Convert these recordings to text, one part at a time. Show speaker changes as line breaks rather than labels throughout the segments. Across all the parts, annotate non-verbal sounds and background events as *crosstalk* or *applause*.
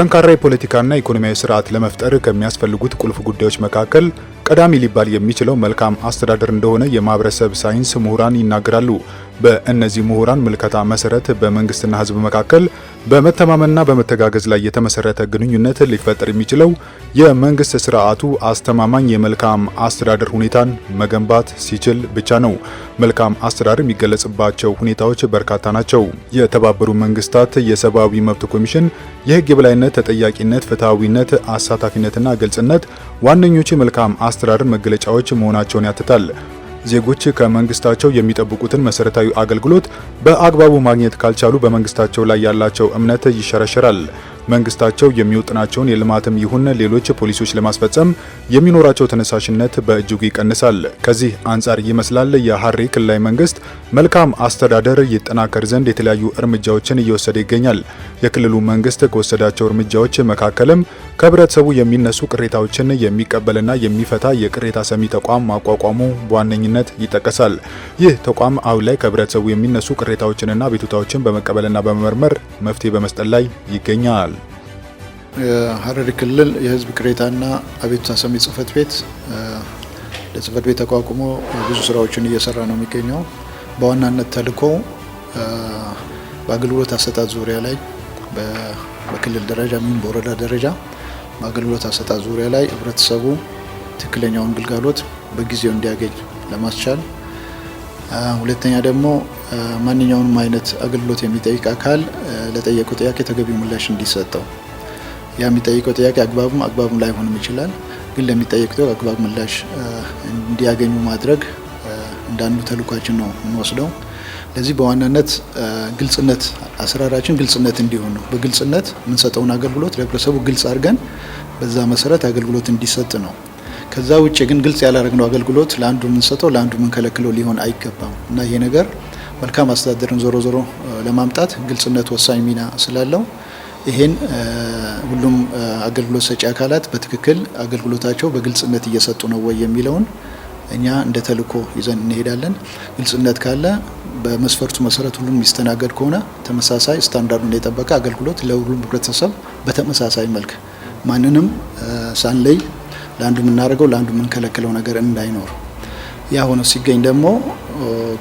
ጠንካራ የፖለቲካና ኢኮኖሚያዊ ስርዓት ለመፍጠር ከሚያስፈልጉት ቁልፍ ጉዳዮች መካከል ቀዳሚ ሊባል የሚችለው መልካም አስተዳደር እንደሆነ የማህበረሰብ ሳይንስ ምሁራን ይናገራሉ። በእነዚህ ምሁራን ምልከታ መሰረት በመንግስትና ህዝብ መካከል በመተማመንና በመተጋገዝ ላይ የተመሰረተ ግንኙነት ሊፈጠር የሚችለው የመንግስት ስርዓቱ አስተማማኝ የመልካም አስተዳደር ሁኔታን መገንባት ሲችል ብቻ ነው። መልካም አስተዳደር የሚገለጽባቸው ሁኔታዎች በርካታ ናቸው። የተባበሩ መንግስታት የሰብአዊ መብት ኮሚሽን የህግ የበላይነት፣ ተጠያቂነት፣ ፍትሐዊነት፣ አሳታፊነትና ግልጽነት ዋነኞቹ የመልካም አስተዳደር መገለጫዎች መሆናቸውን ያትታል። ዜጎች ከመንግስታቸው የሚጠብቁትን መሰረታዊ አገልግሎት በአግባቡ ማግኘት ካልቻሉ በመንግስታቸው ላይ ያላቸው እምነት ይሸረሸራል። መንግስታቸው የሚውጥናቸውን የልማትም ይሁን ሌሎች ፖሊሲዎች ለማስፈጸም የሚኖራቸው ተነሳሽነት በእጅጉ ይቀንሳል። ከዚህ አንጻር ይመስላል የሐረሪ ክልላዊ መንግስት መልካም አስተዳደር ይጠናከር ዘንድ የተለያዩ እርምጃዎችን እየወሰደ ይገኛል። የክልሉ መንግስት ከወሰዳቸው እርምጃዎች መካከልም ከህብረተሰቡ የሚነሱ ቅሬታዎችን የሚቀበልና የሚፈታ የቅሬታ ሰሚ ተቋም ማቋቋሙ በዋነኝነት ይጠቀሳል። ይህ ተቋም አሁን ላይ ከህብረተሰቡ የሚነሱ ቅሬታዎችንና ቤቱታዎችን በመቀበልና በመመርመር መፍትሄ በመስጠት ላይ
ይገኛል። የሀረሪ ክልል የህዝብ ቅሬታና አቤቱታ ሰሚ ጽህፈት ቤት ለጽህፈት ቤት ተቋቁሞ ብዙ ስራዎችን እየሰራ ነው የሚገኘው። በዋናነት ተልእኮ በአገልግሎት አሰጣት ዙሪያ ላይ በክልል ደረጃ ምን በወረዳ ደረጃ በአገልግሎት አሰጣጥ ዙሪያ ላይ ህብረተሰቡ ትክክለኛውን ግልጋሎት በጊዜው እንዲያገኝ ለማስቻል፣ ሁለተኛ ደግሞ ማንኛውንም አይነት አገልግሎት የሚጠይቅ አካል ለጠየቁ ጥያቄ ተገቢው ምላሽ እንዲሰጠው ያ የሚጠይቀው ጥያቄ አግባቡም አግባቡም ላይሆንም ይችላል። ግን ለሚጠይቅተው አግባብ ምላሽ እንዲያገኙ ማድረግ እንዳንዱ ተልኳችን ነው የምንወስደው። ለዚህ በዋናነት ግልጽነት አሰራራችን ግልጽነት እንዲሆን ነው። በግልጽነት የምንሰጠውን አገልግሎት ለህብረተሰቡ ግልጽ አድርገን በዛ መሰረት አገልግሎት እንዲሰጥ ነው። ከዛ ውጭ ግን ግልጽ ያላረግነው አገልግሎት ለአንዱ የምንሰጠው ለአንዱ የምንከለክለው ሊሆን አይገባም እና ይሄ ነገር መልካም አስተዳደርን ዞሮ ዞሮ ለማምጣት ግልጽነት ወሳኝ ሚና ስላለው ይሄን ሁሉም አገልግሎት ሰጪ አካላት በትክክል አገልግሎታቸው በግልጽነት እየሰጡ ነው ወይ የሚለውን እኛ እንደ ተልእኮ ይዘን እንሄዳለን። ግልጽነት ካለ በመስፈርቱ መሰረት ሁሉም የሚስተናገድ ከሆነ ተመሳሳይ ስታንዳርዱን የጠበቀ አገልግሎት ለሁሉም ህብረተሰብ በተመሳሳይ መልክ ማንንም ሳንለይ ለአንዱ የምናደርገው ለአንዱ የምንከለክለው ነገር እንዳይኖር ያ ሆኖ ሲገኝ ደግሞ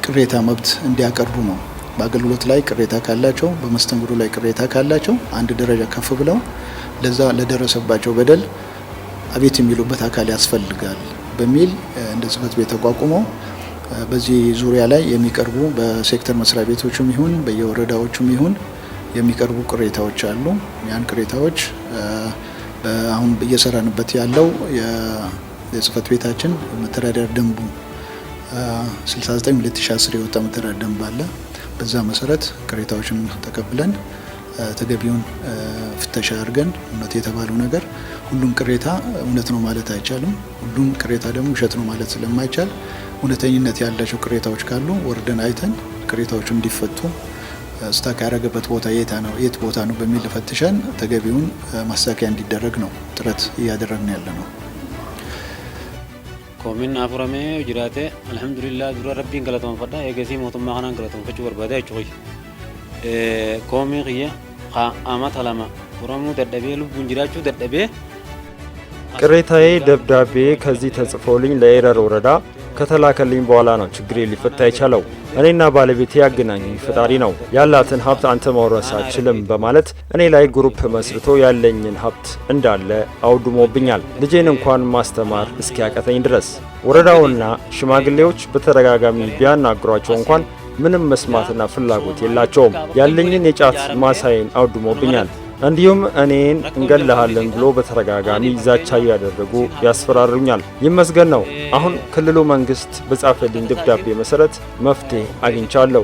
ቅሬታ መብት እንዲያቀርቡ ነው በአገልግሎት ላይ ቅሬታ ካላቸው፣ በመስተንግዶ ላይ ቅሬታ ካላቸው አንድ ደረጃ ከፍ ብለው ለዛ ለደረሰባቸው በደል አቤት የሚሉበት አካል ያስፈልጋል በሚል እንደ ጽህፈት ቤት ተቋቁሞ በዚህ ዙሪያ ላይ የሚቀርቡ በሴክተር መስሪያ ቤቶችም ይሁን በየወረዳዎችም ይሁን የሚቀርቡ ቅሬታዎች አሉ። ያን ቅሬታዎች አሁን እየሰራንበት ያለው የጽህፈት ቤታችን መተዳደር ደንቡ 69 2010 የወጣ መተዳደር ደንብ አለ። በዛ መሰረት ቅሬታዎችን ተቀብለን ተገቢውን ፍተሻ አድርገን እውነት የተባለው ነገር ሁሉም ቅሬታ እውነት ነው ማለት አይቻልም። ሁሉም ቅሬታ ደግሞ ውሸት ነው ማለት ስለማይቻል እውነተኝነት ያላቸው ቅሬታዎች ካሉ ወርደን አይተን ቅሬታዎቹ እንዲፈቱ ስታክ ያደረገበት ቦታ የት ቦታ ነው በሚል ፈትሸን ተገቢውን ማሳኪያ እንዲደረግ ነው ጥረት እያደረግን ያለ ነው።
koomina afuramee jiraate alhamdulillah dura rabbiin galatamfadha eegasii mootummaa kanaan galatamfachuu barbaada jechuun koomii qiyya amata lama oromoo dadhabee lubbuun jiraachuu dadhabee
ቅሬታዬ ደብዳቤ ከዚህ ተጽፎልኝ ለኤረር ወረዳ ከተላከልኝ በኋላ ነው ችግሬ ሊፈታ የቻለው። እኔና ባለቤቴ ያገናኙኝ ፈጣሪ ነው። ያላትን ሀብት አንተ መውረስ አችልም በማለት እኔ ላይ ግሩፕ መስርቶ ያለኝን ሀብት እንዳለ አውድሞብኛል፣ ልጄን እንኳን ማስተማር እስኪያቀተኝ ድረስ። ወረዳውና ሽማግሌዎች በተደጋጋሚ ቢያናግሯቸው እንኳን ምንም መስማትና ፍላጎት የላቸውም። ያለኝን የጫት ማሳይን አውድሞብኛል። እንዲሁም እኔን እንገልሃለን ብሎ በተደጋጋሚ ዛቻ እያደረጉ ያስፈራሩኛል። ይመስገን ነው አሁን ክልሉ መንግስት በጻፈልኝ ደብዳቤ መሰረት መፍትሄ አግኝቻለሁ።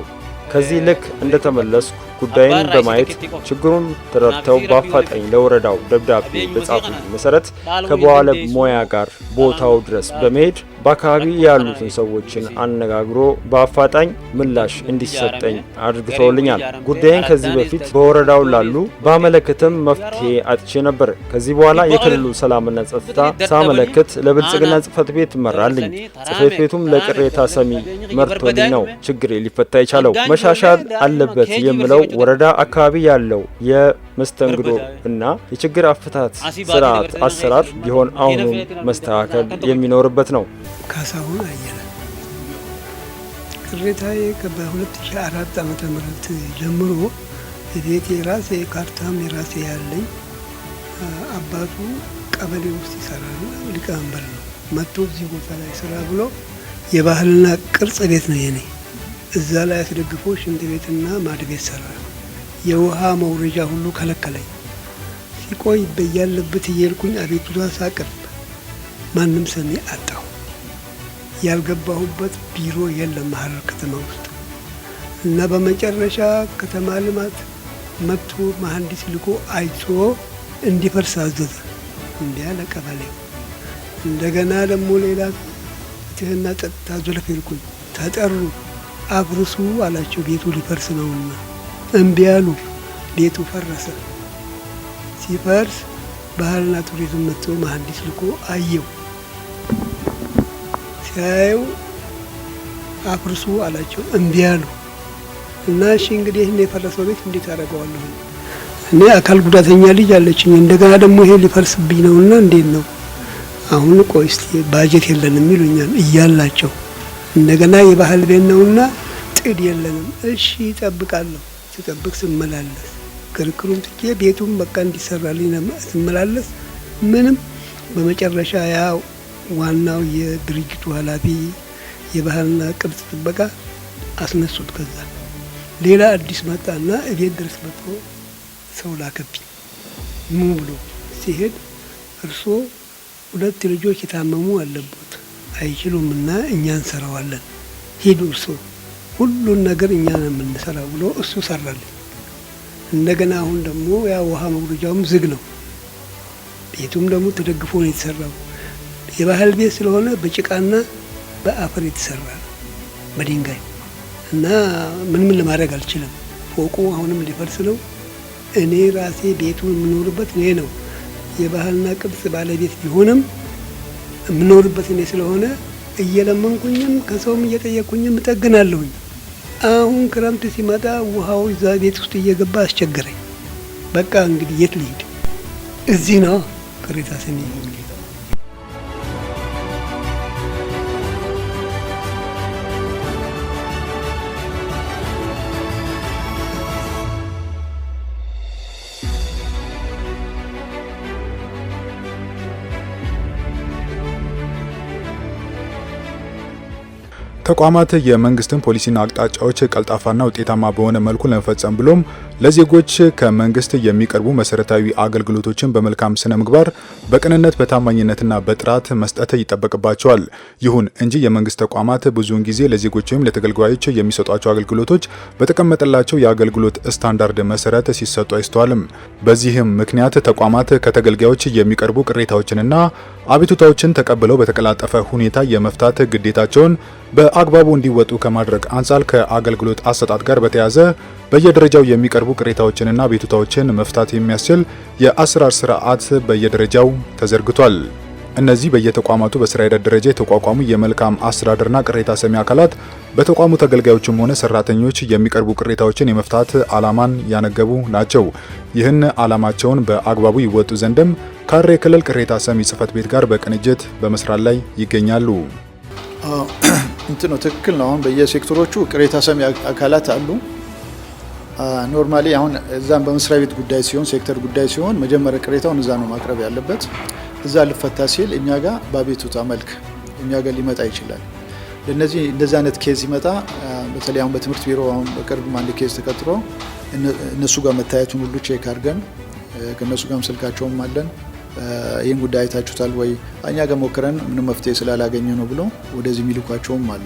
ከዚህ ልክ እንደተመለስኩ ጉዳይን በማየት ችግሩን ተረድተው በአፋጣኝ ለወረዳው ደብዳቤ በጻፉ መሰረት ከበዓለ ሙያ ጋር ቦታው ድረስ በመሄድ በአካባቢ ያሉትን ሰዎችን አነጋግሮ በአፋጣኝ ምላሽ እንዲሰጠኝ አድርግተውልኛል። ጉዳይን ከዚህ በፊት በወረዳው ላሉ ባመለከትም መፍትሄ አጥቼ ነበር። ከዚህ በኋላ የክልሉ ሰላምና ጸጥታ ሳመለክት ለብልጽግና ጽህፈት ቤት መራልኝ። ጽህፈት ቤቱም ለቅሬታ ሰሚ መርቶልኝ ነው ችግሬ ሊፈታ የቻለው። መሻሻል አለበት የምለው ወረዳ አካባቢ ያለው የ መስተንግዶ እና የችግር አፈታት ስርዓት አሰራር ቢሆን አሁኑ መስተካከል የሚኖርበት ነው። ካሳሁን አየለ
ቅሬታዬ በ2004 ዓ ም ጀምሮ ቤት የራሴ ካርታም የራሴ ያለኝ አባቱ ቀበሌ ውስጥ ይሰራል። ሊቀመንበር ነው። መጥቶ እዚህ ቦታ ላይ ስራ ብሎ የባህልና ቅርጽ ቤት ነው የኔ እዛ ላይ አስደግፎ ሽንት ቤትና ማድ ቤት ሰራል። የውሃ መውረጃ ሁሉ ከለከለኝ። ሲቆይ በያለበት እየልኩኝ አቤቱታ ሳቅርብ ማንም ሰሚ አጣሁ። ያልገባሁበት ቢሮ የለም ሀረር ከተማ ውስጥ እና በመጨረሻ ከተማ ልማት መጥቶ መሐንዲስ ልኮ አይቶ እንዲፈርስ አዘዘ። እንዲያ ለቀበሌ እንደገና ደግሞ ሌላ ፍትህና ጸጥታ ዞለፌልኩኝ ተጠሩ። አፍርሱ አላቸው ቤቱ ሊፈርስ ነውና እምቢ አሉ። ቤቱ ፈረሰ። ሲፈርስ ባህልና ቱሪዝም መጥቶ መሀንዲስ ልኮ አየው። ሲያየው አፍርሱ አላቸው። እምቢ አሉ እና እሺ እንግዲህ ይህን የፈረሰው ቤት እንዴት አደርገዋለሁ? እኔ አካል ጉዳተኛ ልጅ አለችኝ። እንደገና ደግሞ ይሄ ሊፈርስብኝ ነው እና እንዴት ነው አሁን? ቆይ እስኪ ባጀት የለንም ይሉኛል እያላቸው እንደገና የባህል ቤት ነውና ጥድ የለንም። እሺ ይጠብቃለሁ ስጠብቅ ስመላለስ ክርክሩም ትቼ ቤቱም በቃ እንዲሰራልኝ ስመላለስ ምንም በመጨረሻ ያ ዋናው የድርጅቱ ኃላፊ የባህልና ቅርጽ ጥበቃ አስነሱት። ከዛ ሌላ አዲስ መጣና እቤት ድረስ መጥቶ ሰው ላከብኝ። ኑ ብሎ ሲሄድ እርስዎ ሁለት ልጆች የታመሙ አለቦት አይችሉም እና እኛ እንሰራዋለን፣ ሂዱ እርስዎ ሁሉን ነገር እኛ ነው የምንሰራው ብሎ እሱ ሰራልኝ። እንደገና አሁን ደግሞ ያ ውሃ መጉደጃውም ዝግ ነው። ቤቱም ደግሞ ተደግፎ ነው የተሰራው። የባህል ቤት ስለሆነ በጭቃና በአፈር የተሰራ በድንጋይ እና ምንም ለማድረግ አልችልም። ፎቁ አሁንም ሊፈርስ ነው። እኔ ራሴ ቤቱ የምኖርበት እኔ ነው። የባህልና ቅርስ ባለቤት ቢሆንም የምኖርበት እኔ ስለሆነ እየለመንኩኝም ከሰውም እየጠየቅኩኝም እጠግናለሁኝ። አሁን ክረምት ሲመጣ ውሃው እዛ ቤት ውስጥ እየገባ አስቸገረኝ። በቃ እንግዲህ የት ልሂድ? እዚህ ነው ቅሬታ ስኒ እንግዲህ
ተቋማት የመንግስትን ፖሊሲና አቅጣጫዎች ቀልጣፋና ውጤታማ በሆነ መልኩ ለመፈጸም ብሎም ለዜጎች ከመንግስት የሚቀርቡ መሰረታዊ አገልግሎቶችን በመልካም ስነ ምግባር፣ በቅንነት፣ በታማኝነትና በጥራት መስጠት ይጠበቅባቸዋል። ይሁን እንጂ የመንግስት ተቋማት ብዙውን ጊዜ ለዜጎች ወይም ለተገልጋዮች የሚሰጧቸው አገልግሎቶች በተቀመጠላቸው የአገልግሎት ስታንዳርድ መሰረት ሲሰጡ አይስተዋልም። በዚህም ምክንያት ተቋማት ከተገልጋዮች የሚቀርቡ ቅሬታዎችንና አቤቱታዎችን ተቀብለው በተቀላጠፈ ሁኔታ የመፍታት ግዴታቸውን በአግባቡ እንዲወጡ ከማድረግ አንጻር ከአገልግሎት አሰጣጥ ጋር በተያያዘ በየደረጃው የሚቀርቡ ቅሬታዎችንና ቤቱታዎችን መፍታት የሚያስችል የአሰራር ስርዓት በየደረጃው ተዘርግቷል። እነዚህ በየተቋማቱ በስራ ሂደት ደረጃ የተቋቋሙ የመልካም አስተዳደርና ቅሬታ ሰሚ አካላት በተቋሙ ተገልጋዮችም ሆነ ሰራተኞች የሚቀርቡ ቅሬታዎችን የመፍታት ዓላማን ያነገቡ ናቸው። ይህን ዓላማቸውን በአግባቡ ይወጡ ዘንድም ካሬ ክልል ቅሬታ ሰሚ ጽህፈት ቤት ጋር በቅንጅት በመስራት ላይ ይገኛሉ። *clears throat* እንት ነው ትክክል ነው። አሁን በየሴክተሮቹ ቅሬታ ሰሚ አካላት አሉ። ኖርማሊ አሁን እዛም በመስሪያ ቤት ጉዳይ ሲሆን ሴክተር ጉዳይ ሲሆን መጀመሪያ ቅሬታውን እዛ ነው ማቅረብ ያለበት። እዛ ልፈታ ሲል እኛ ጋር በአቤቱታ መልክ እኛ ጋር ሊመጣ ይችላል። ለነዚህ እንደዚህ አይነት ኬዝ ሲመጣ በተለይ አሁን በትምህርት ቢሮ አሁን በቅርብ አንድ ኬዝ ተቀጥሮ እነሱ ጋር መታየቱን ሁሉ ቼክ አድርገን ከእነሱ ጋርም ስልካቸውም አለን ይህን ጉዳይ አይታችሁታል ወይ? እኛ ጋር ሞክረን ምንም መፍትሄ ስላላገኘ ነው ብሎ ወደዚህ የሚልኳቸውም አሉ።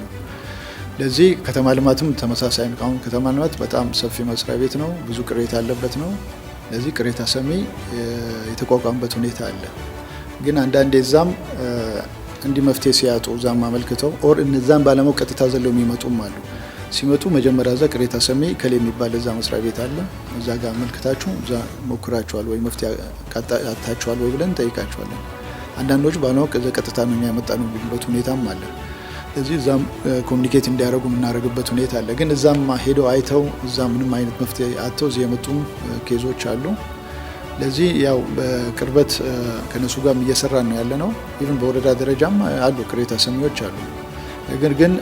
ለዚህ ከተማ ልማትም ተመሳሳይ ነው። አሁን ከተማ ልማት በጣም ሰፊ መስሪያ ቤት ነው፣ ብዙ ቅሬታ ያለበት ነው። ለዚህ ቅሬታ ሰሚ የተቋቋመበት ሁኔታ አለ። ግን አንዳንዴ እዛም እንዲህ መፍትሄ ሲያጡ እዛም አመልክተው ኦር እነዛም ባለመው ቀጥታ ዘለው የሚመጡም አሉ። ሲመጡ መጀመሪያ እዛ ቅሬታ ሰሚ ከሌ የሚባል እዛ መስሪያ ቤት አለ፣ እዛ ጋር አመልክታችሁ እዛ ሞክራችኋል ወይ መፍትሄ አጣችኋል ወይ ብለን እንጠይቃቸዋለን። አንዳንዶች ባለመው ቀጥታ ነው የሚያመጣ ነው የሚሉበት ሁኔታም አለ። እዚህ እዛም ኮሚኒኬት እንዲያደርጉ የምናደርግበት ሁኔታ አለ። ግን እዛም ሄደው አይተው እዛ ምንም አይነት መፍትሄ አጥተው እዚህ የመጡም ኬዞች አሉ። ለዚህ ያው በቅርበት ከነሱ ጋር እየሰራን ነው ያለ ነው። ኢቭን በወረዳ ደረጃም አሉ ቅሬታ ሰሚዎች አሉ። ነገር ግን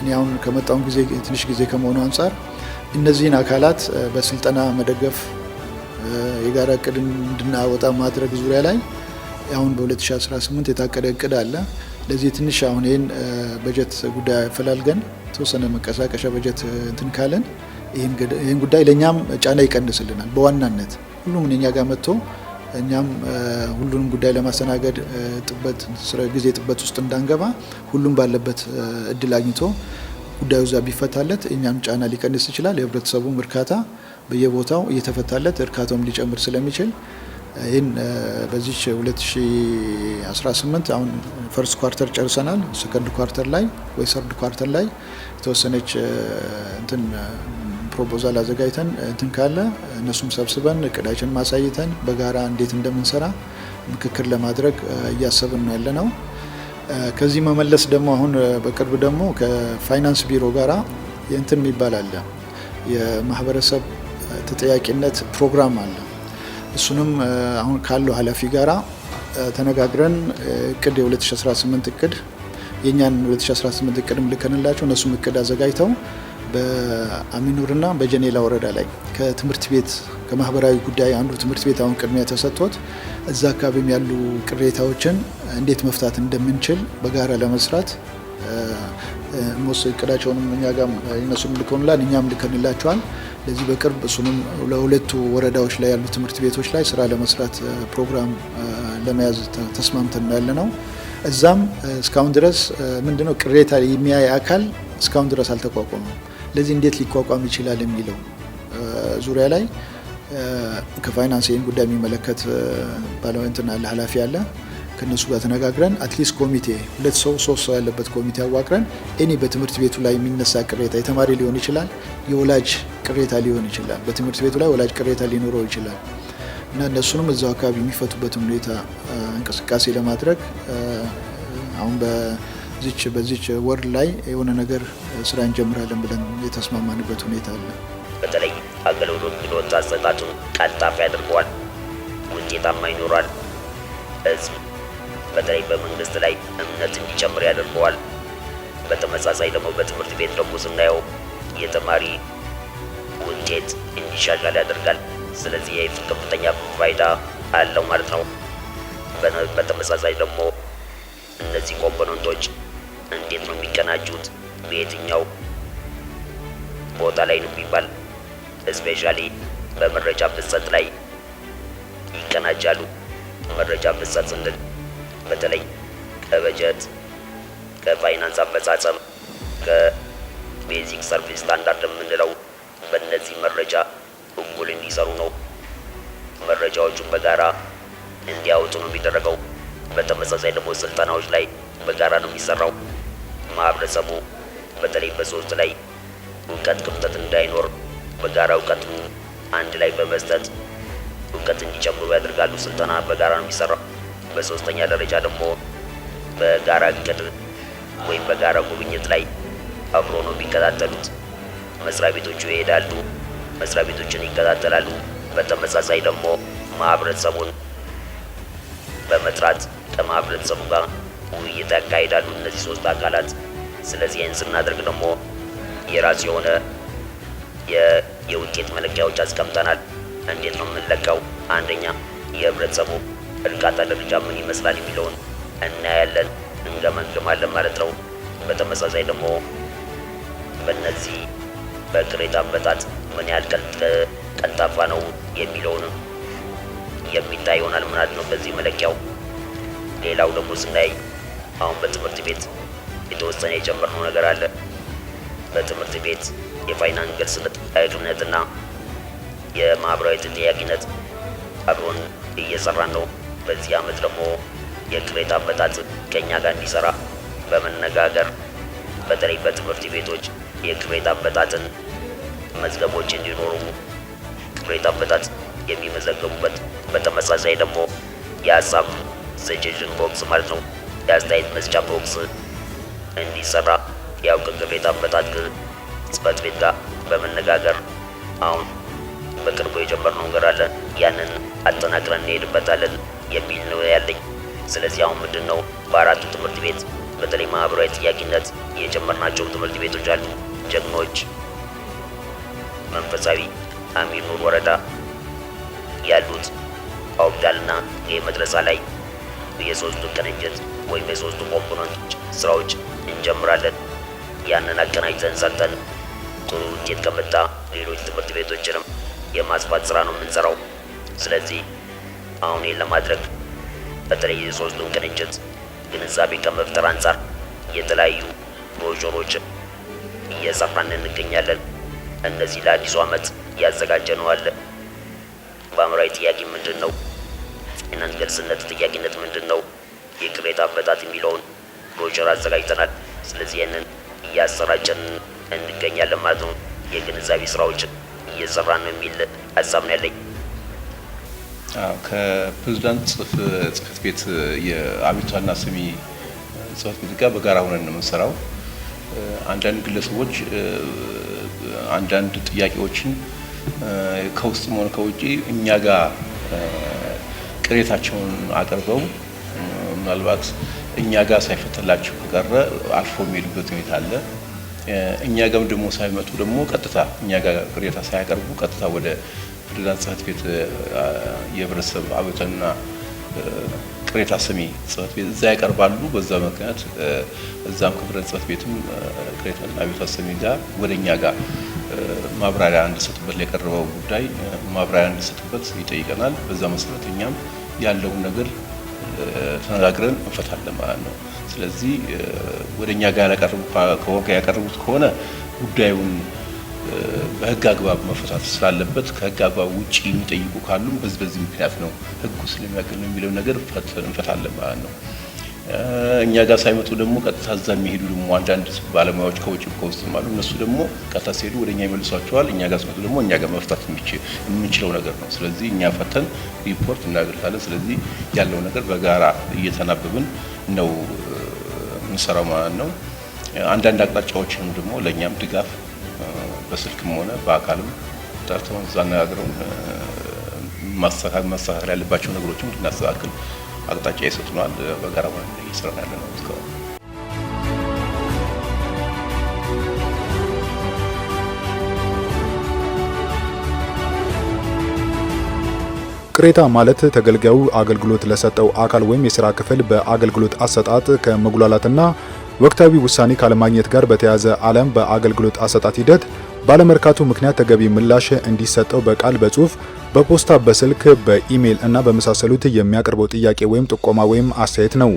እኔ አሁን ከመጣውን ጊዜ ትንሽ ጊዜ ከመሆኑ አንጻር እነዚህን አካላት በስልጠና መደገፍ፣ የጋራ እቅድ እንድናወጣ ማድረግ ዙሪያ ላይ አሁን በ2018 የታቀደ እቅድ አለ። ለዚህ ትንሽ አሁን ይህን በጀት ጉዳይ አፈላልገን ተወሰነ መንቀሳቀሻ በጀት እንትን ካለን ይህን ጉዳይ ለእኛም ጫና ይቀንስልናል። በዋናነት ሁሉም እኛ ጋር መጥቶ እኛም ሁሉንም ጉዳይ ለማስተናገድ ጥበት ጊዜ ጥበት ውስጥ እንዳንገባ ሁሉም ባለበት እድል አግኝቶ ጉዳዩ እዛ ቢፈታለት እኛም ጫና ሊቀንስ ይችላል። የህብረተሰቡም እርካታ በየቦታው እየተፈታለት እርካታውም ሊጨምር ስለሚችል ይህን በዚች 2018 አሁን ፈርስት ኳርተር ጨርሰናል። ሰከንድ ኳርተር ላይ ወይ ሰርድ ኳርተር ላይ የተወሰነች እንትን ፕሮፖዛል አዘጋጅተን እንትን ካለ እነሱም ሰብስበን እቅዳችን ማሳይተን በጋራ እንዴት እንደምንሰራ ምክክር ለማድረግ እያሰብን ነው ያለ ነው። ከዚህ መመለስ ደግሞ አሁን በቅርብ ደግሞ ከፋይናንስ ቢሮ ጋራ የእንትን የሚባል አለ የማህበረሰብ ተጠያቂነት ፕሮግራም አለ እሱንም አሁን ካለው ኃላፊ ጋራ ተነጋግረን እቅድ የ2018 እቅድ የእኛን 2018 እቅድም ልከንላቸው እነሱም እቅድ አዘጋጅተው በአሚኑርና በጀኔላ ወረዳ ላይ ከትምህርት ቤት ከማህበራዊ ጉዳይ አንዱ ትምህርት ቤት አሁን ቅድሚያ ተሰጥቶት እዛ አካባቢም ያሉ ቅሬታዎችን እንዴት መፍታት እንደምንችል በጋራ ለመስራት ሞስ እቅዳቸውንም እኛ ጋ እነሱም ልከውንላል እኛም ልከንላቸዋል። ለዚህ በቅርብ እሱንም ለሁለቱ ወረዳዎች ላይ ያሉ ትምህርት ቤቶች ላይ ስራ ለመስራት ፕሮግራም ለመያዝ ተስማምተን ያለ ነው። እዛም እስካሁን ድረስ ምንድነው ቅሬታ የሚያይ አካል እስካሁን ድረስ አልተቋቋመም። ለዚህ እንዴት ሊቋቋም ይችላል የሚለው ዙሪያ ላይ ከፋይናንስ ይህን ጉዳይ የሚመለከት ባለንትና ኃላፊ አለ ከእነሱ ጋር ተነጋግረን አትሊስት ኮሚቴ ሁለት ሰው ሶስት ሰው ያለበት ኮሚቴ አዋቅረን እኔ በትምህርት ቤቱ ላይ የሚነሳ ቅሬታ የተማሪ ሊሆን ይችላል፣ የወላጅ ቅሬታ ሊሆን ይችላል። በትምህርት ቤቱ ላይ ወላጅ ቅሬታ ሊኖረው ይችላል እና እነሱንም እዛው አካባቢ የሚፈቱበትን ሁኔታ እንቅስቃሴ ለማድረግ አሁን በዚች በዚች ወር ላይ የሆነ ነገር ስራ እንጀምራለን ብለን የተስማማንበት ሁኔታ አለ። በተለይ አገልግሎት ሚሎት አሰጣጡ ቀልጣፊ አድርገዋል፣ ውጤታማ ይኖራል ህዝብ በተለይ በመንግስት ላይ እምነት እንዲጨምር ያደርገዋል። በተመሳሳይ ደግሞ በትምህርት ቤት ደግሞ ስናየው የተማሪ ውጤት እንዲሻሻል ያደርጋል። ስለዚህ ይህ ከፍተኛ ፋይዳ አለው ማለት ነው። በተመሳሳይ ደግሞ እነዚህ ኮምፖነንቶች እንዴት ነው የሚቀናጁት? በየትኛው ቦታ ላይ ነው የሚባል እስፔሻሊ በመረጃ ፍሰት ላይ ይቀናጃሉ። መረጃ ፍሰት ስንል በተለይ ከበጀት ከፋይናንስ አፈጻጸም ከቤዚክ ሰርቪስ ስታንዳርድ የምንለው በእነዚህ መረጃ እኩል እንዲሰሩ ነው። መረጃዎቹን በጋራ እንዲያወጡ ነው የሚደረገው። በተመሳሳይ ደግሞ ስልጠናዎች ላይ በጋራ ነው የሚሰራው። ማህበረሰቡ በተለይ በሶስት ላይ እውቀት ክፍተት እንዳይኖር በጋራ እውቀቱን አንድ ላይ በመስጠት እውቀት እንዲጨምሩ ያደርጋሉ። ስልጠና በጋራ ነው የሚሰራው። በሶስተኛ ደረጃ ደግሞ በጋራ እቅድ ወይም በጋራ ጉብኝት ላይ አብሮ ነው የሚከታተሉት። መስሪያ ቤቶቹ ይሄዳሉ፣ መስሪያ ቤቶችን ይከታተላሉ። በተመሳሳይ ደግሞ ማህበረሰቡን በመጥራት ከማህበረሰቡ ጋር ውይይት ያካሄዳሉ እነዚህ ሶስት አካላት። ስለዚህ ይህን ስናደርግ ደግሞ የራሱ የሆነ የውጤት መለኪያዎች አስቀምጠናል። እንዴት ነው የምንለካው? አንደኛ የህብረተሰቡ እርቃጣ ደረጃ ምን ይመስላል የሚለውን እናያለን፣ እንገመግማለን ማለት ነው። በተመሳሳይ ደግሞ በነዚህ በቅሬታ አመጣጥ ምን ያህል ቀልጣፋ ነው የሚለውንም የሚታይ ይሆናል ማለት ነው በዚህ መለኪያው። ሌላው ደግሞ ስናይ አሁን በትምህርት ቤት የተወሰነ የጨመርነው ነገር አለ። በትምህርት ቤት የፋይናንስ ግልጽነት፣ አይግነትና የማህበራዊ ተጠያቂነት አብሮን እየሰራን ነው። በዚህ ዓመት ደግሞ የቅሬታ አፈታት ከኛ ጋር እንዲሰራ በመነጋገር በተለይ በትምህርት ቤቶች የቅሬታ አፈታትን መዝገቦች እንዲኖሩ ቅሬታ አፈታት የሚመዘገቡበት በተመሳሳይ ደግሞ የሀሳብ ሰጀሽን ቦክስ ማለት ነው የአስተያየት መስጫ ቦክስ እንዲሰራ ያው ከቅሬታ አፈታት ጽሕፈት ቤት ጋር በመነጋገር አሁን በቅርቡ የጀመርነው ነገር አለ። ያንን አጠናክረን እንሄድበታለን። የሚል ነው ያለኝ። ስለዚህ አሁን ምንድን ነው በአራቱ ትምህርት ቤት በተለይ ማህበራዊ ጥያቄነት የጀመርናቸው ትምህርት ቤቶች አሉ። ጀግኖች፣ መንፈሳዊ፣ አሚር ኑር ወረዳ ያሉት አውግዳልና የመድረሳ ላይ የሶስቱ ቅንጅት ወይም የሶስቱ ኮምፖነንቶች ስራዎች እንጀምራለን። ያንን አቀናጅተን ሰርተን ጥሩ ውጤት ከመጣ ሌሎች ትምህርት ቤቶችንም የማስፋት ስራ ነው የምንሰራው። ስለዚህ አሁን ለማድረግ በተለይ የሶስቱን ቅንጅት ግንዛቤ ከመፍጠር አንጻር የተለያዩ ብሮሾሮችን እየሰራን እንገኛለን። እነዚህ ለአዲሱ ዓመት እያዘጋጀ ነው አለ። በአእምራዊ ጥያቄ ምንድን ነው? እናን ግልጽነት፣ ጥያቄነት ምንድን ነው? የቅሬታ አፈታት የሚለውን ብሮሾር አዘጋጅተናል። ስለዚህ ይህንን እያሰራጨን እንገኛለን ማለት ነው። የግንዛቤ ስራዎችን እየሰራ ነው የሚል ሀሳብ ነው ያለኝ። ከፕሬዚዳንት ጽፍ ጽህፈት ቤት የአቤቱታና ሰሚ ጽህፈት ቤት ጋር በጋራ ሆነን ነው የምንሰራው። አንዳንድ ግለሰቦች አንዳንድ ጥያቄዎችን ከውስጥም ሆነ ከውጭ እኛ ጋር ቅሬታቸውን አቅርበው ምናልባት እኛ ጋር ሳይፈተላቸው ከቀረ አልፎ የሚሄዱበት ሁኔታ አለ። እኛ ጋርም ደግሞ ሳይመጡ ደግሞ ቀጥታ እኛ ጋር ቅሬታ ሳያቀርቡ ቀጥታ ወደ ፕሬዝዳንት ጽህፈት ቤት የህብረተሰብ አቤቱታና ቅሬታ ሰሚ ጽህፈት ቤት እዛ ያቀርባሉ። በዛ ምክንያት እዛም ከፍረት ጽህፈት ቤትም ቅሬታና አቤቱታ ሰሚ ጋር ወደኛ ጋር ማብራሪያ እንዲሰጡበት የቀረበው ጉዳይ ማብራሪያ እንዲሰጡበት ይጠይቀናል። በዛ መሰረት እኛም ያለውን ነገር ተነጋግረን እንፈታለን ማለት ነው። ስለዚህ ወደኛ ጋር ያቀርቡ ከወጋ ያቀረቡት ከሆነ ጉዳዩን በህግ አግባብ መፈታት ስላለበት ከህግ አግባብ ውጭ የሚጠይቁ ካሉም በዚህ በዚህ ምክንያት ነው ህጉ ስለሚያገል ነው የሚለው ነገር እንፈታለን ማለት ነው። እኛ ጋር ሳይመጡ ደግሞ ቀጥታ እዛ የሚሄዱ ደግሞ አንዳንድ ባለሙያዎች ከውጭ ከውስጥ አሉ። እነሱ ደግሞ ቀጥታ ሲሄዱ ወደ እኛ ይመልሷቸዋል። እኛ ጋር ሲመጡ ደግሞ እኛ ጋር መፍታት የምንችለው ነገር ነው። ስለዚህ እኛ ፈተን ሪፖርት እናደርጋለን። ስለዚህ ያለው ነገር በጋራ እየተናበብን ነው የምንሰራው ማለት ነው። አንዳንድ አቅጣጫዎችንም ደግሞ ለእኛም ድጋፍ በስልክም ሆነ በአካልም ጠርተውን እዛ አነጋግረውን ማስተካከል ያለባቸው ነገሮችም እንድናስተካክል አቅጣጫ ይሰጡናል። በጋራ ሆነ እየሰራን ያለ ነው እስካሁን። ቅሬታ ማለት ተገልጋዩ አገልግሎት ለሰጠው አካል ወይም የስራ ክፍል በአገልግሎት አሰጣጥ ከመጉላላትና ወቅታዊ ውሳኔ ካለማግኘት ጋር በተያያዘ ዓለም በአገልግሎት አሰጣጥ ሂደት ባለመርካቱ ምክንያት ተገቢ ምላሽ እንዲሰጠው በቃል፣ በጽሁፍ፣ በፖስታ፣ በስልክ፣ በኢሜይል እና በመሳሰሉት የሚያቀርበው ጥያቄ ወይም ጥቆማ ወይም አስተያየት ነው።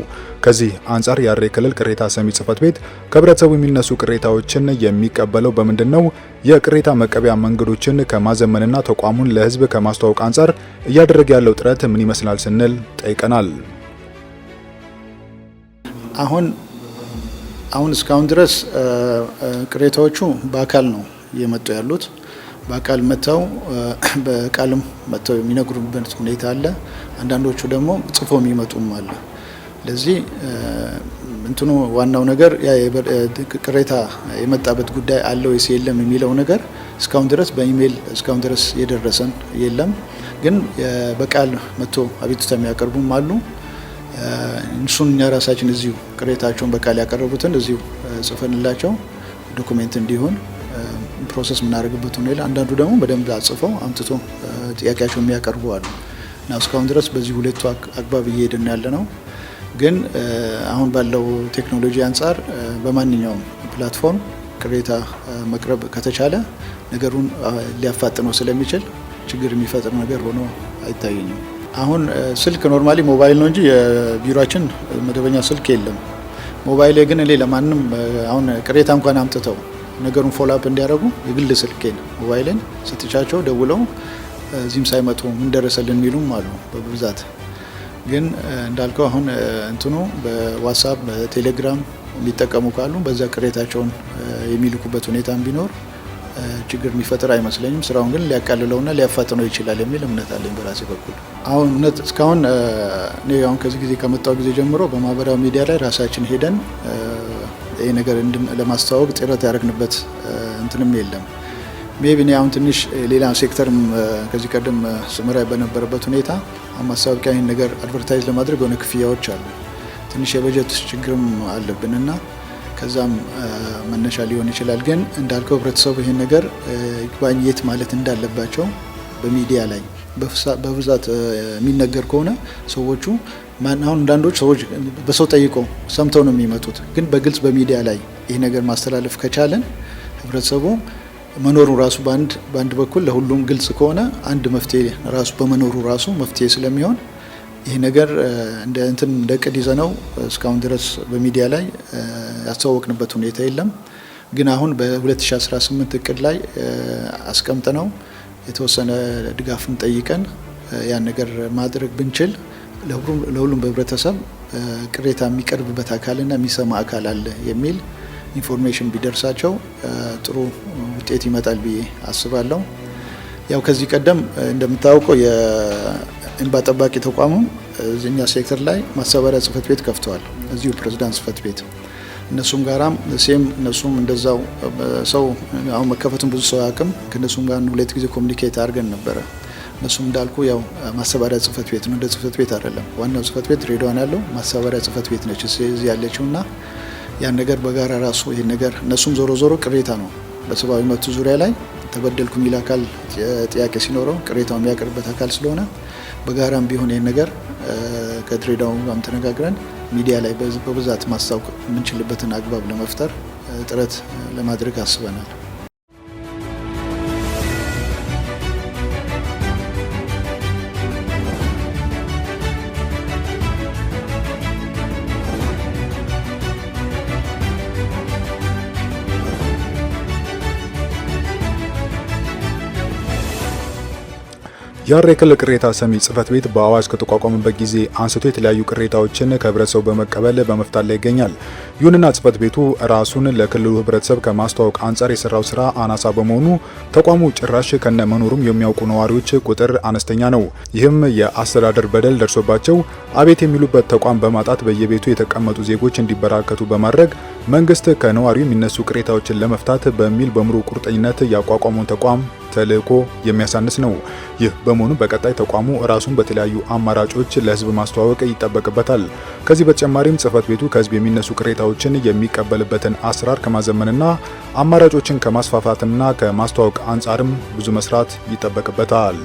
ከዚህ አንጻር የሐረሪ ክልል ቅሬታ ሰሚ ጽህፈት ቤት ከህብረተሰቡ የሚነሱ ቅሬታዎችን የሚቀበለው በምንድን ነው? የቅሬታ መቀበያ መንገዶችን ከማዘመንና ተቋሙን ለህዝብ ከማስተዋወቅ አንጻር እያደረገ ያለው ጥረት ምን ይመስላል ስንል ጠይቀናል። አሁን አሁን እስካሁን ድረስ ቅሬታዎቹ በአካል ነው እየመጡ ያሉት በአካል መጥተው *clears throat* በቃልም መጥተው የሚነግሩበት ሁኔታ አለ። አንዳንዶቹ ደግሞ ጽፎ የሚመጡም አለ። ለዚህ እንትኑ ዋናው ነገር ቅሬታ የመጣበት ጉዳይ አለ ወይስ የለም የሚለው ነገር እስካሁን ድረስ በኢሜይል እስካሁን ድረስ የደረሰን የለም። ግን በቃል መጥቶ አቤቱታ የሚያቀርቡም አሉ። እንሱን እኛ ራሳችን እዚሁ ቅሬታቸውን በቃል ያቀረቡትን እዚሁ ጽፈንላቸው ዶኩሜንት እንዲሆን ፕሮሰስ የምናደርግበት ሁኔታ፣ አንዳንዱ ደግሞ በደንብ አጽፈው አምጥቶ ጥያቄያቸው የሚያቀርቡ አሉ እና እስካሁን ድረስ በዚህ ሁለቱ አግባብ እየሄድን ያለ ነው። ግን አሁን ባለው ቴክኖሎጂ አንጻር በማንኛውም ፕላትፎርም ቅሬታ መቅረብ ከተቻለ ነገሩን ሊያፋጥነው ስለሚችል ችግር የሚፈጥር ነገር ሆኖ አይታየኝም። አሁን ስልክ ኖርማሊ ሞባይል ነው እንጂ የቢሮችን መደበኛ ስልክ የለም። ሞባይል ግን እኔ ለማንም አሁን ቅሬታ እንኳን አምጥተው ነገሩን ፎላፕ እንዲያደርጉ የግል ስልኬን ሞባይልን ስትቻቸው ደውለው እዚህም ሳይመጡ ምን ደረሰልን የሚሉም አሉ በብዛት ግን እንዳልከው አሁን እንትኑ በዋትሳፕ በቴሌግራም የሚጠቀሙ ካሉ በዛ ቅሬታቸውን የሚልኩበት ሁኔታ ቢኖር ችግር የሚፈጥር አይመስለኝም። ስራውን ግን ሊያቃልለውና ሊያፋጥነው ይችላል የሚል እምነት አለኝ በራሴ በኩል። አሁን እውነት እስካሁን እኔ አሁን ከዚህ ጊዜ ከመጣው ጊዜ ጀምሮ በማህበራዊ ሚዲያ ላይ ራሳችን ሄደን ይህ ነገር ለማስተዋወቅ ጥረት ያደረግንበት እንትንም የለም። ሜቢ እኔ አሁን ትንሽ ሌላ ሴክተርም ከዚህ ቀደም ስምራ በነበረበት ሁኔታ አሁን ማስታወቂያ ይህን ነገር አድቨርታይዝ ለማድረግ የሆነ ክፍያዎች አሉ። ትንሽ የበጀት ችግርም አለብን እና ከዛም መነሻ ሊሆን ይችላል። ግን እንዳልከው ህብረተሰቡ ይህን ነገር ይግባኝ የት ማለት እንዳለባቸው በሚዲያ ላይ በብዛት የሚነገር ከሆነ ሰዎቹ አሁን አንዳንዶች ሰዎች በሰው ጠይቀው ሰምተው ነው የሚመጡት። ግን በግልጽ በሚዲያ ላይ ይህ ነገር ማስተላለፍ ከቻለን ህብረተሰቡ መኖሩ ራሱ በአንድ በኩል ለሁሉም ግልጽ ከሆነ አንድ መፍትሄ ራሱ በመኖሩ ራሱ መፍትሄ ስለሚሆን ይህ ነገር እንደ እንትን እንደ ቅድ ይዘነው እስካሁን ድረስ በሚዲያ ላይ ያስተዋወቅንበት ሁኔታ የለም። ግን አሁን በ2018 እቅድ ላይ ነው የተወሰነ ድጋፍን ጠይቀን ያን ነገር ማድረግ ብንችል ለሁሉም በህብረተሰብ ቅሬታ የሚቀርብበት አካልና የሚሰማ አካል አለ የሚል ኢንፎርሜሽን ቢደርሳቸው ጥሩ ውጤት ይመጣል ብዬ አስባለሁ። ያው ከዚህ ቀደም እንደምታውቀው የእንባ ጠባቂ ተቋሙ እኛ ሴክተር ላይ ማስተባበሪያ ጽህፈት ቤት ከፍተዋል። እዚሁ ፕሬዚዳንት ጽህፈት ቤት እነሱም ጋራም ሴም እነሱም እንደዛው ሰው አሁን መከፈቱን ብዙ ሰው አቅም ከእነሱም ጋር ሁለት ጊዜ ኮሚኒኬት አድርገን ነበረ። እነሱም እንዳልኩ ያው ማስተባበሪያ ጽህፈት ቤት ነው። እንደ ጽህፈት ቤት አይደለም። ዋናው ጽህፈት ቤት ድሬዳዋን ያለው ማስተባበሪያ ጽህፈት ቤት ነች እዚህ ያለችው እና ያን ነገር በጋራ ራሱ ይህን ነገር እነሱም ዞሮ ዞሮ ቅሬታ ነው በሰብአዊ መብቱ ዙሪያ ላይ ተበደልኩ የሚል አካል ጥያቄ ሲኖረው ቅሬታው የሚያቀርብበት አካል ስለሆነ በጋራም ቢሆን ይህን ነገር ከድሬዳው ጋም ተነጋግረን ሚዲያ ላይ በብዛት ማስታወቅ የምንችልበትን አግባብ ለመፍጠር ጥረት ለማድረግ አስበናል። የሐረሪ ክልል ቅሬታ ሰሚ ጽህፈት ቤት በአዋጅ ከተቋቋመበት ጊዜ አንስቶ የተለያዩ ቅሬታዎችን ከህብረተሰቡ በመቀበል በመፍታት ላይ ይገኛል። ይሁንና ጽህፈት ቤቱ ራሱን ለክልሉ ህብረተሰብ ከማስተዋወቅ አንጻር የሰራው ስራ አናሳ በመሆኑ ተቋሙ ጭራሽ ከነ መኖሩም የሚያውቁ ነዋሪዎች ቁጥር አነስተኛ ነው። ይህም የአስተዳደር በደል ደርሶባቸው አቤት የሚሉበት ተቋም በማጣት በየቤቱ የተቀመጡ ዜጎች እንዲበራከቱ በማድረግ መንግስት ከነዋሪው የሚነሱ ቅሬታዎችን ለመፍታት በሚል በሙሉ ቁርጠኝነት ያቋቋመውን ተቋም ተልዕኮ የሚያሳንስ ነው። ይህ በመሆኑ በቀጣይ ተቋሙ ራሱን በተለያዩ አማራጮች ለህዝብ ማስተዋወቅ ይጠበቅበታል። ከዚህ በተጨማሪም ጽህፈት ቤቱ ከህዝብ የሚነሱ ቅሬታዎችን የሚቀበልበትን አሰራር ከማዘመንና አማራጮችን ከማስፋፋትና ከማስተዋወቅ አንጻርም ብዙ መስራት ይጠበቅበታል።